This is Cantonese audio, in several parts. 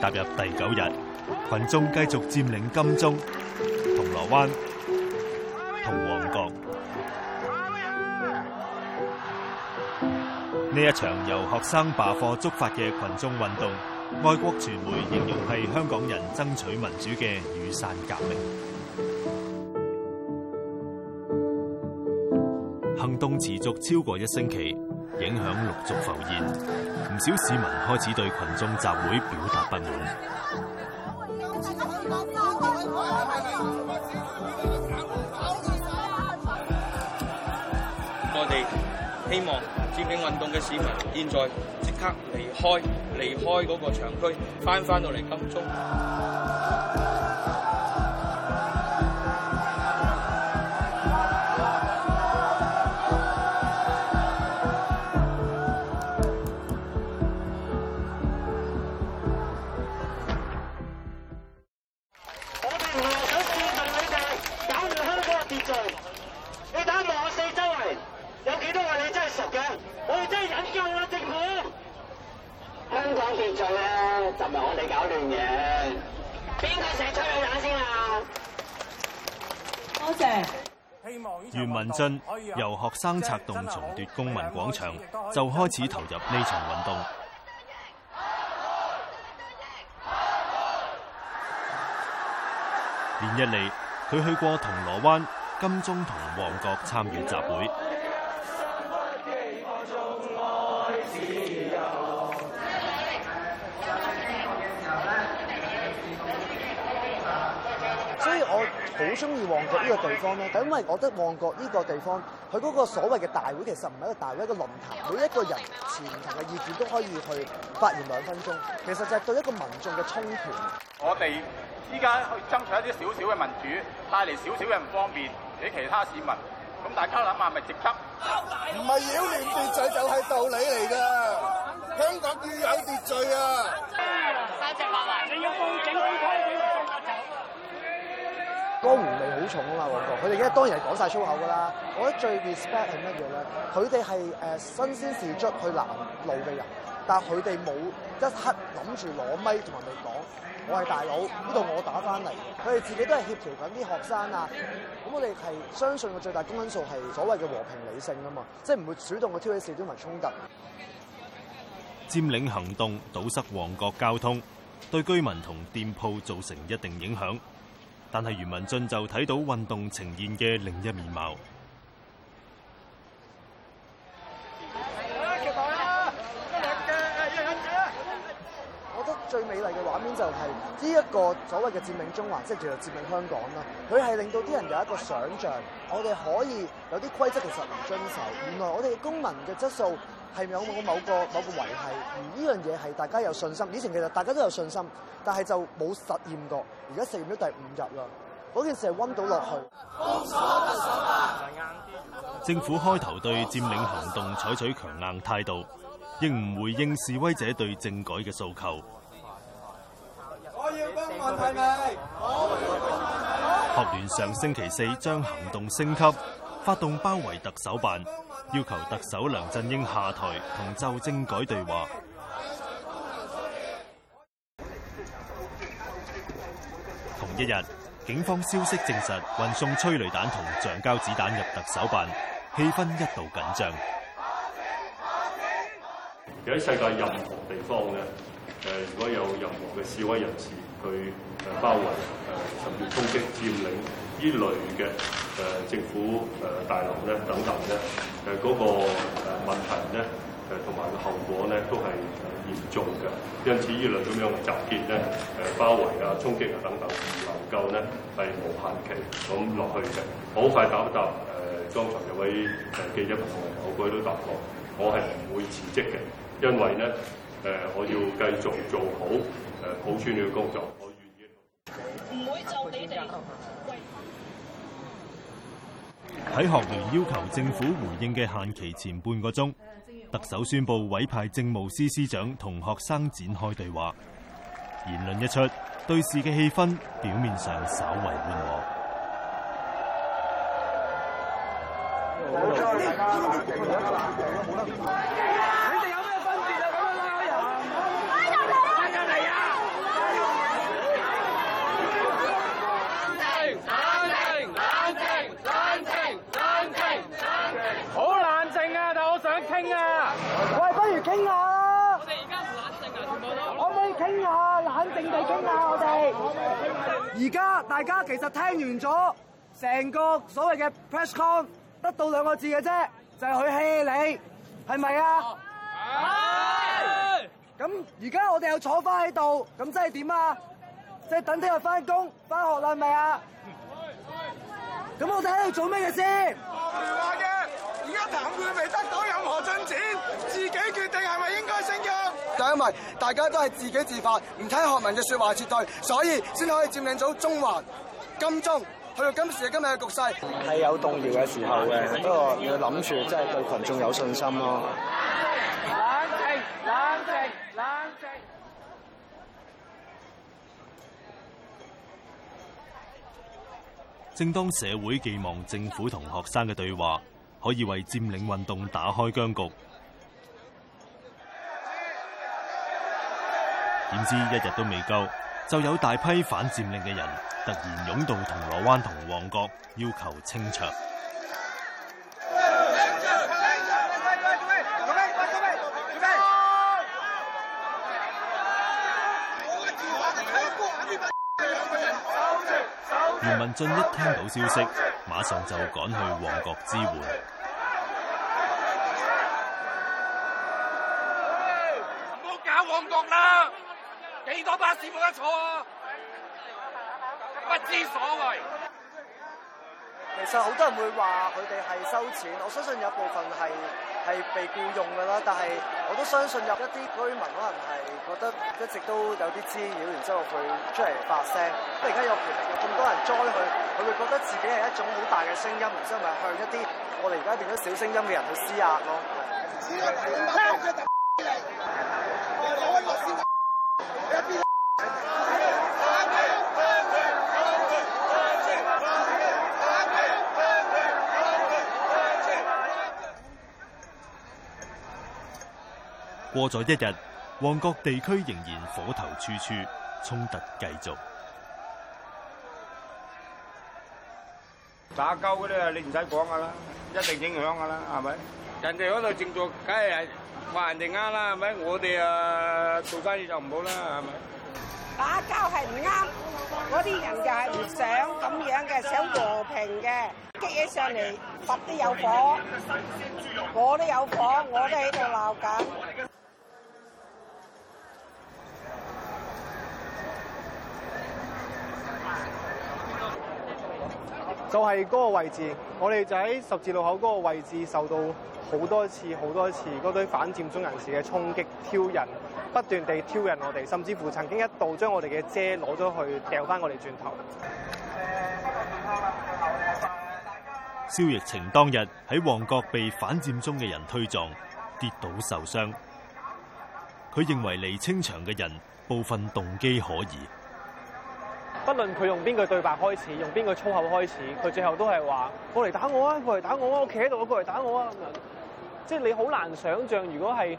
踏入第九日，群眾繼續佔領金鐘、銅鑼灣、旺角。呢一場由學生罷課觸發嘅群眾運動，外國傳媒形容係香港人爭取民主嘅雨傘革命。行動持續超過一星期。影響陸續浮現，唔少市民開始對群眾集會表達不滿。啊，我哋希望佔領運動嘅市民，現在即刻離開，離開嗰個場區，翻翻到嚟金鐘。袁文俊由學生策動重奪公民廣場，就開始投入呢場運動。連日嚟，佢去過銅鑼灣、金鐘同旺角參與集會。好中意旺角呢個地方咧，就因為我覺得旺角呢個地方，佢嗰個所謂嘅大會其實唔係一個大會，一個論壇，每一個人前頭嘅意見都可以去發言兩分鐘。其實就係對一個民眾嘅充權。我哋而家去爭取一啲少少嘅民主，帶嚟少少嘅唔方便俾其他市民。咁大家諗下，係咪值得？唔係擾亂秩序就係道理嚟㗎。香港要有秩序啊！江湖味好重啊嘛，旺角，佢哋而家當然係講晒粗口噶啦。我覺得最 respect 係乜嘢咧？佢哋係誒新鮮事卒去攔路嘅人，但佢哋冇一刻諗住攞咪。同人哋講我係大佬，呢度我打翻嚟。佢哋自己都係協調緊啲學生啊。咁我哋係相信個最大公分數係所謂嘅和平理性啊嘛，即係唔會主動去挑起事端同埋衝突。佔領行動堵塞旺角交通，對居民同店鋪造成一定影響。但係余文俊就睇到運動呈現嘅另一面貌。我覺得最美麗嘅畫面就係呢一個所謂嘅佔領中環，即係叫做佔領香港啦。佢係令到啲人有一個想像，我哋可以有啲規則其實唔遵守。原來我哋公民嘅質素。係咪有冇某個某個維繫？而呢樣嘢係大家有信心。以前其實大家都有信心，但係就冇實驗過。而家實驗咗第五日啦，嗰件事係温到落去。政府開頭對佔領行動採取強硬態度，亦唔回應示威者對政改嘅訴求我要提我要提。學聯上星期四將行動升級，發動包圍特首辦。要求特首梁振英下台同就政改對話。同一日，警方消息證實運送催淚彈同橡膠子彈入特首辦，氣氛一度緊張。而喺世界任何地方呢，誒，如果有任何嘅示威人士去誒包圍，甚至攻擊佔領呢類嘅。呃、政府、呃、大樓咧等等咧，誒、呃那個個誒問題咧，同、呃、埋個後果咧都係、呃、嚴重嘅。因此呢類咁樣嘅集結咧、包圍啊、衝擊啊等等，唔能夠咧係無限期咁落去嘅。好快答一答誒、呃，剛才有位誒記者朋友問我，我佢都答過，我係唔會辭職嘅，因為咧、呃、我要繼續做好誒普選嘅工作，我願意。唔會就你哋。喺學聯要求政府回應嘅限期前半個鐘，特首宣布委派政務司司長同學生展開對話。言論一出，對峙嘅氣氛表面上稍為緩和。不傾下，下，下我哋而家冷靜下好唔好？可唔可以傾下冷靜地傾下我哋。而家大家其實聽完咗，成個所謂嘅 press con 得到兩個字嘅啫，就係佢氣你，係咪啊？咁而家我哋又坐翻喺度，咁即係點啊？即係等聽日翻工翻學啦，係咪啊？咁我哋喺度做咩嘢先？學聯話嘅，而家談判未得到任何進展，自己。因為大家都係自己自發，唔聽學民嘅説話絕對，所以先可以佔領到中環、金鐘，去到今時今日嘅局勢係有動搖嘅時候嘅，不過要諗住真係對群眾有信心咯。冷靜，冷靜，冷靜。正當社會寄望政府同學生嘅對話，可以為佔領運動打開僵局。點知一日都未夠，就有大批反佔領嘅人突然湧到銅鑼灣同旺角要求清場。袁文俊一聽到消息，馬上就趕去旺角支援。所謂，其實好多人會話佢哋係收錢，我相信有部分係係被僱用㗎啦，但係我都相信有一啲居民可能係覺得一直都有啲滋擾，然之後佢出嚟發聲，即係而家有其實有咁多人栽佢，佢會覺得自己係一種好大嘅聲音，然之後咪向一啲我哋而家變咗小聲音嘅人去施壓咯。 過咗一日，旺角地區仍然火頭處處，衝突繼續。打交嗰啲啊，你唔使講噶啦，一定影響噶啦，係咪？人哋喺度正做，梗係話人哋啱啦，係咪？我哋啊做生意就唔好啦，係咪？打交係唔啱，嗰啲人就係唔想咁樣嘅，想和平嘅，激起上嚟佛都有火，我都有火，我都喺度鬧緊。就係、是、嗰個位置，我哋就喺十字路口嗰個位置受到好多次、好多次嗰堆反佔中人士嘅衝擊、挑釁，不斷地挑釁我哋，甚至乎曾經一度將我哋嘅遮攞咗去掉翻我哋轉頭。蕭逸晴當日喺旺角被反佔中嘅人推撞，跌倒受傷。佢認為嚟清場嘅人部分動機可疑。不論佢用邊句對白開始，用邊個粗口開始，佢最後都係話：過嚟打我啊！過嚟打我啊！我企喺度，我過嚟打我啊！即係你好難想像，如果係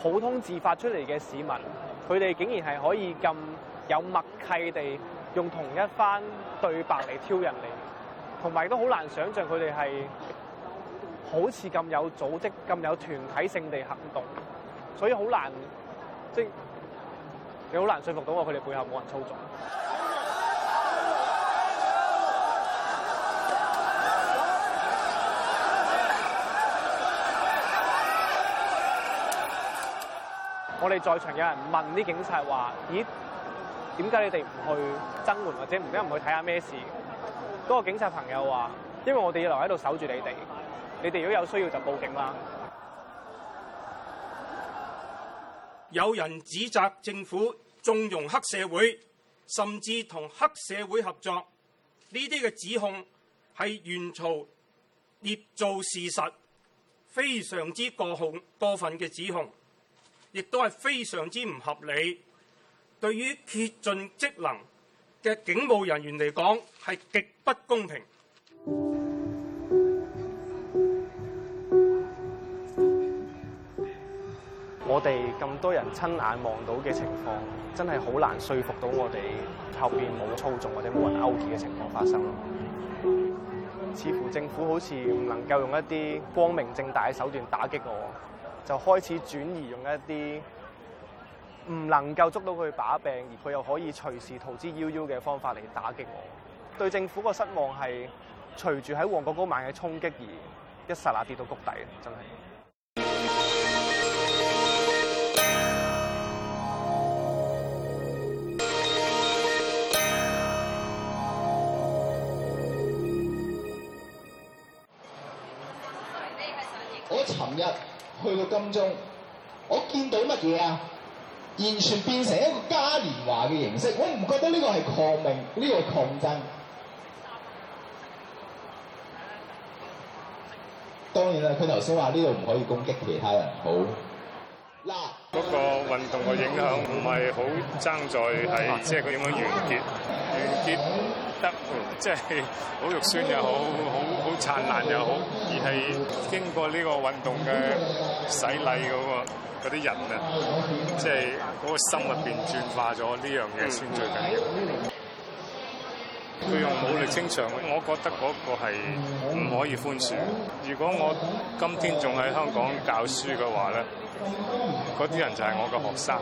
普通自發出嚟嘅市民，佢哋竟然係可以咁有默契地用同一番對白嚟挑釁你，同埋都好難想像佢哋係好似咁有組織、咁有團體性地行動，所以好難，即係你好難說服到我，佢哋背後冇人操作。我哋在場有人問啲警察話：咦，點解你哋唔去增援或者唔畀唔去睇下咩事？嗰、那個警察朋友話：因為我哋要留喺度守住你哋，你哋如果有需要就報警啦。有人指責政府縱容黑社會，甚至同黑社會合作，呢啲嘅指控係元曹捏造事實，非常之過控過分嘅指控。亦都係非常之唔合理，對於竭盡職能嘅警務人員嚟講，係極不公平。 我哋咁多人親眼望到嘅情況，真係好難說服到我哋後邊冇操縱或者冇人勾結嘅情況發生。似乎政府好似唔能夠用一啲光明正大嘅手段打擊我。就開始轉移用一啲唔能夠捉到佢把柄，而佢又可以隨時逃之夭夭嘅方法嚟打擊我。對政府個失望係隨住喺旺角嗰晚嘅衝擊而一剎那跌到谷底，真係。我尋日，去到金鐘，我見到乜嘢啊？完全變成一個嘉年華嘅形式，我唔覺得呢個係抗命，呢個係抗爭。當然啦，佢頭先話呢度唔可以攻擊其他人，好嗱。嗰個運動嘅影響唔係好爭在係，即係佢點樣完結， 完結。即係好肉酸又好好好燦爛又好，而係經過呢個運動嘅洗禮、嗰個，嗰個嗰啲人啊，即係嗰個心入邊轉化咗呢樣嘢先最緊要。佢用武力清場，我覺得嗰個係唔可以寬恕。如果我今天仲喺香港教書嘅話咧，嗰啲人就係我嘅學生，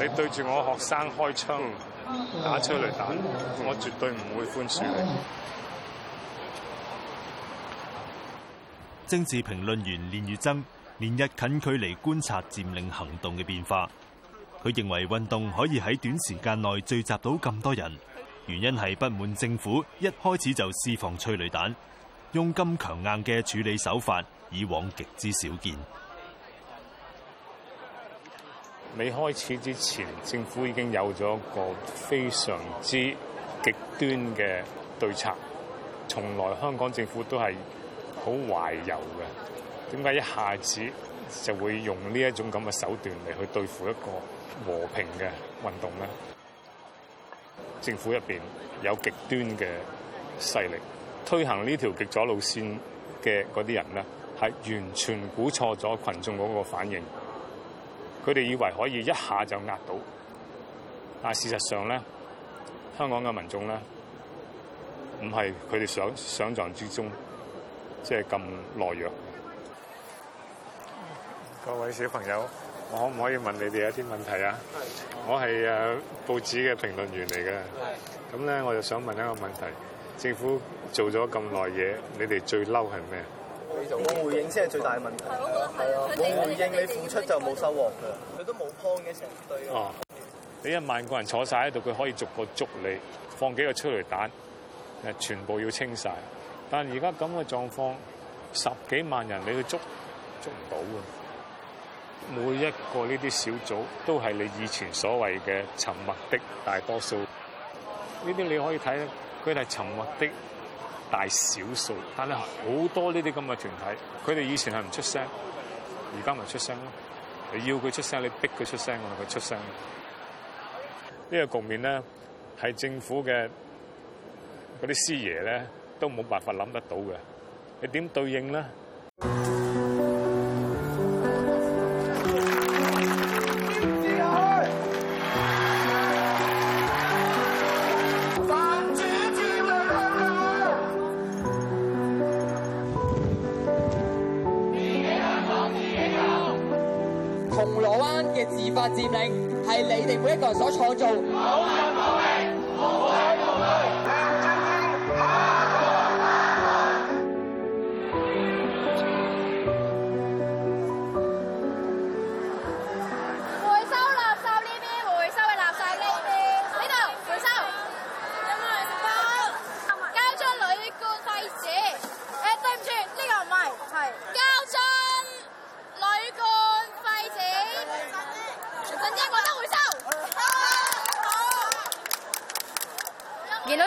你對住我學生開槍。嗯打催淚彈，我絕對唔會寬恕你。政治評論員練乙錚連日近距離觀察佔領行動嘅變化，佢認為運動可以喺短時間內聚集到咁多人，原因係不滿政府一開始就施放催淚彈，用咁強硬嘅處理手法，以往極之少見。未開始之前，政府已經有咗一個非常之極端嘅對策。從來香港政府都係好懷柔嘅，點解一下子就會用呢一種咁嘅手段嚟去對付一個和平嘅運動呢？政府入面有極端嘅勢力推行呢條極左路線嘅嗰啲人呢，係完全估錯咗群眾嗰個反應。佢哋以為可以一下就壓到，但事實上咧，香港嘅民眾咧，唔係佢哋想想像之中，即係咁懦弱。各位小朋友，我可唔可以問你哋一啲問題啊？我係誒、啊、報紙嘅評論員嚟嘅。咁咧，我就想問一個問題：政府做咗咁耐嘢，你哋最嬲係咩？我回應先係最大嘅問題。係啊，冇回應你付出就冇收穫嘅，佢都冇 call 嘅成對。哦，你一萬個人坐晒喺度，佢可以逐個捉你，放幾個催淚彈，誒，全部要清晒。但係而家咁嘅狀況，十幾萬人你都捉，捉唔到嘅。每一個呢啲小組，都係你以前所謂嘅沉默的大多數。呢啲你可以睇，佢哋係沉默的大小數，但係好多呢啲咁嘅團體，佢哋以前係唔出聲。而家咪出聲咯！你要佢出聲，你逼佢出聲，我咪佢出聲。呢個局面咧，係政府嘅嗰啲師爺咧，都冇辦法諗得到嘅。你點對應咧？佔領係你哋每一個人所創造。好啊！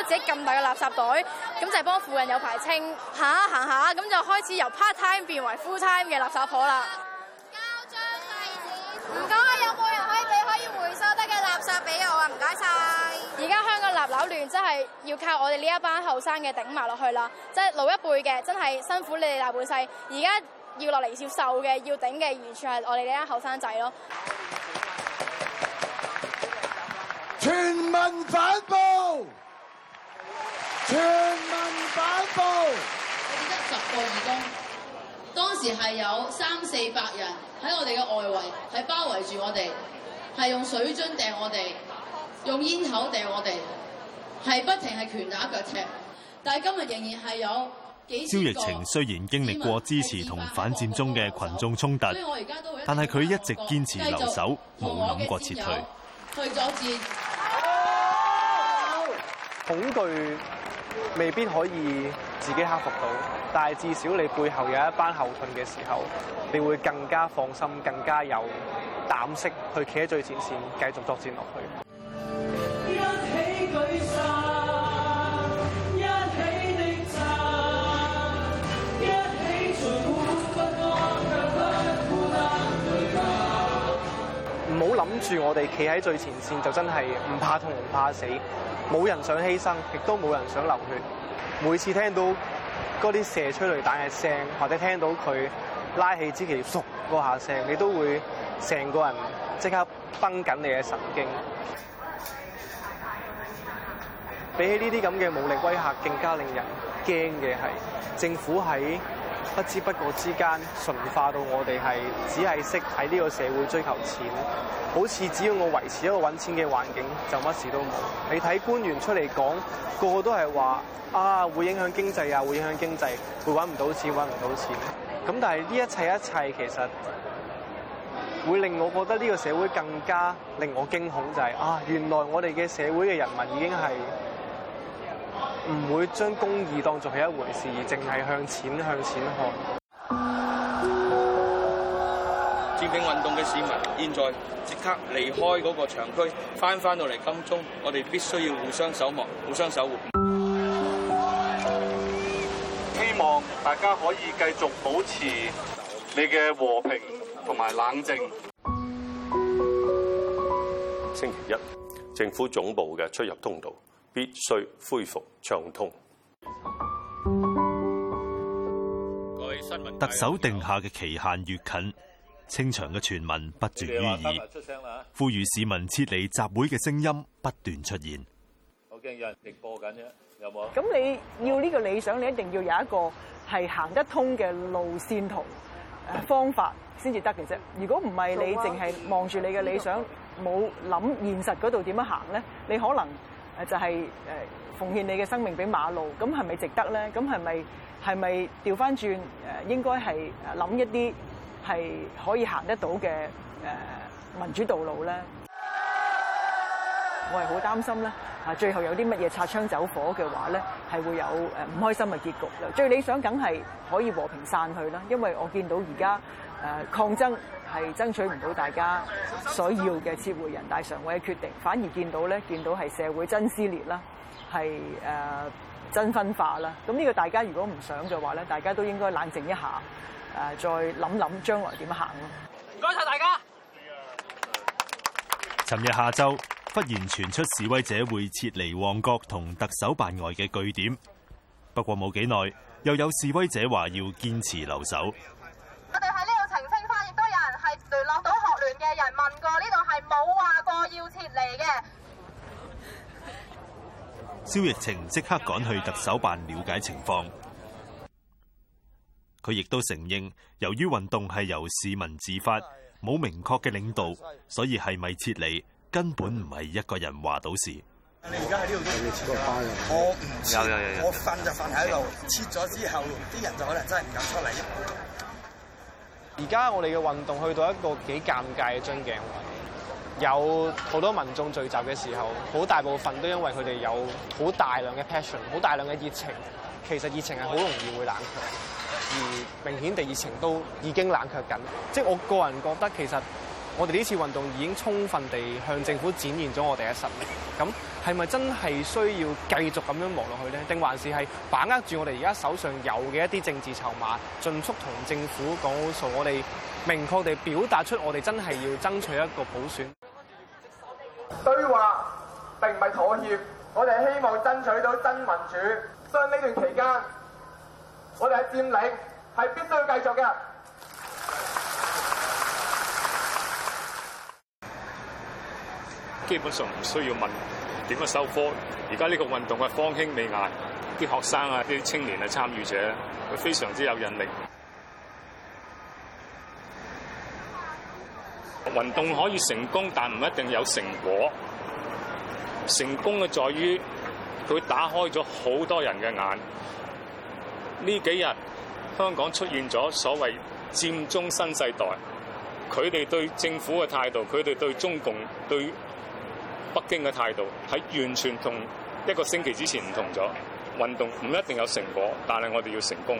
即咁大嘅垃圾袋，咁就幫附近有排清，行下行下，咁就開始由 part time 變為 full time 嘅垃圾婆啦。交張廢紙，唔該，有冇人可以俾可以回收得嘅垃圾俾我啊？唔該晒。而家香港垃圾亂，真係要靠我哋呢一班後生嘅頂埋落去啦。即係老一輩嘅，真係辛苦你哋大半世。而家要落嚟接受嘅，要頂嘅，完全係我哋呢一班後生仔咯。全民反暴！全民反布，我記得十個義工，當時係有三四百人喺我哋嘅外圍，係包圍住我哋，係用水樽掟我哋，用煙頭掟我哋，係不停係拳打腳踢。但係今日仍然係有幾十個。招亦晴雖然經歷過支持同反佔中嘅群眾衝突，但係佢一直堅持留守，冇諗過撤退。退咗戰，恐懼。未必可以自己克服到，但係至少你背後有一班後盾嘅時候，你會更加放心、更加有膽識去企喺最前線繼續作戰落去。唔好諗住我哋企喺最前線就真係唔怕痛唔怕死。冇人想犧牲，亦都冇人想流血。每次聽到嗰啲射催淚彈嘅聲，或者聽到佢拉起支旗，縮嗰下聲，你都會成個人即刻繃緊你嘅神經。比起呢啲咁嘅武力威嚇，更加令人驚嘅係政府喺，不知不覺之間，馴化到我哋係只係識喺呢個社會追求錢，好似只要我維持一個揾錢嘅環境，就乜事都冇。你睇官員出嚟講，個個都係話啊，會影響經濟啊，會影響經濟，會揾唔到錢，揾唔到錢。咁但係呢一切一切其實會令我覺得呢個社會更加令我驚恐，就係、是、啊，原來我哋嘅社會嘅人民已經係。唔會將公義當作係一回事，而淨係向錢向錢看。佔領運動嘅市民，現在即刻離開嗰個場區，翻返到嚟金鐘，我哋必須要互相守望，互相守護。希望大家可以繼續保持你嘅和平同埋冷靜。星期一，政府總部嘅出入通道。必須恢復暢通。特首定下嘅期限越近，清場嘅傳聞不絕於耳，呼籲市民撤離集會嘅聲音不斷出現。好驚有人直播緊嘅，有冇？咁你要呢個理想，你一定要有一個係行得通嘅路線圖、誒方法先至得嘅啫。如果唔係，你淨係望住你嘅理想，冇諗現實嗰度點樣行咧，你可能～就係誒奉獻你嘅生命俾馬路，咁係咪值得咧？咁係咪係咪調翻轉誒？應該係諗一啲係可以行得到嘅誒民主道路咧。我係好擔心咧，啊最後有啲乜嘢擦槍走火嘅話咧，係會有誒唔開心嘅結局啦。最理想梗係可以和平散去啦，因為我見到而家誒抗爭。係爭取唔到大家所要嘅撤回人大常委嘅決定，反而見到咧，見到係社會真撕裂啦，係誒真分化啦。咁呢個大家如果唔想嘅話咧，大家都應該冷靜一下，誒再諗諗將來點行咯。唔該晒大家。尋日下晝忽然傳出示威者會撤離旺角同特首辦外嘅據點，不過冇幾耐，又有示威者話要堅持留守。蕭逸晴即刻趕去特首辦了解情況，佢亦都承認，由於運動係由市民自發，冇明確嘅領導，所以係咪撤離根本唔係一個人話到事。我唔撤，我瞓就瞓喺度，撤咗之後，啲人就可能真係唔敢出嚟。而家我哋嘅運動去到一個幾尷尬嘅樽頸有好多民眾聚集嘅時候，好大部分都因為佢哋有好大量嘅 passion，好大量嘅熱情。其實熱情係好容易會冷卻，而明顯地熱情都已經冷卻緊。即係我個人覺得，其實我哋呢次運動已經充分地向政府展現咗我哋嘅實力。咁係咪真係需要繼續咁樣磨落去呢？定還是係把握住我哋而家手上有嘅一啲政治籌碼，盡速同政府講好數，我哋明確地表達出我哋真係要爭取一個普選？對話並唔係妥協，我哋希望爭取到真民主。所以呢段期間，我哋喺佔領係必須要繼續嘅。基本上唔需要問點樣收科，而家呢個運動嘅方興未艾，啲學生啊、啲青年嘅參與者，佢非常之有韌力。運動可以成功，但唔一定有成果。成功嘅在於佢打開咗好多人嘅眼。呢幾日香港出現咗所謂佔中新世代，佢哋對政府嘅態度，佢哋對中共、對北京嘅態度，係完全同一個星期之前唔同咗。運動唔一定有成果，但係我哋要成功。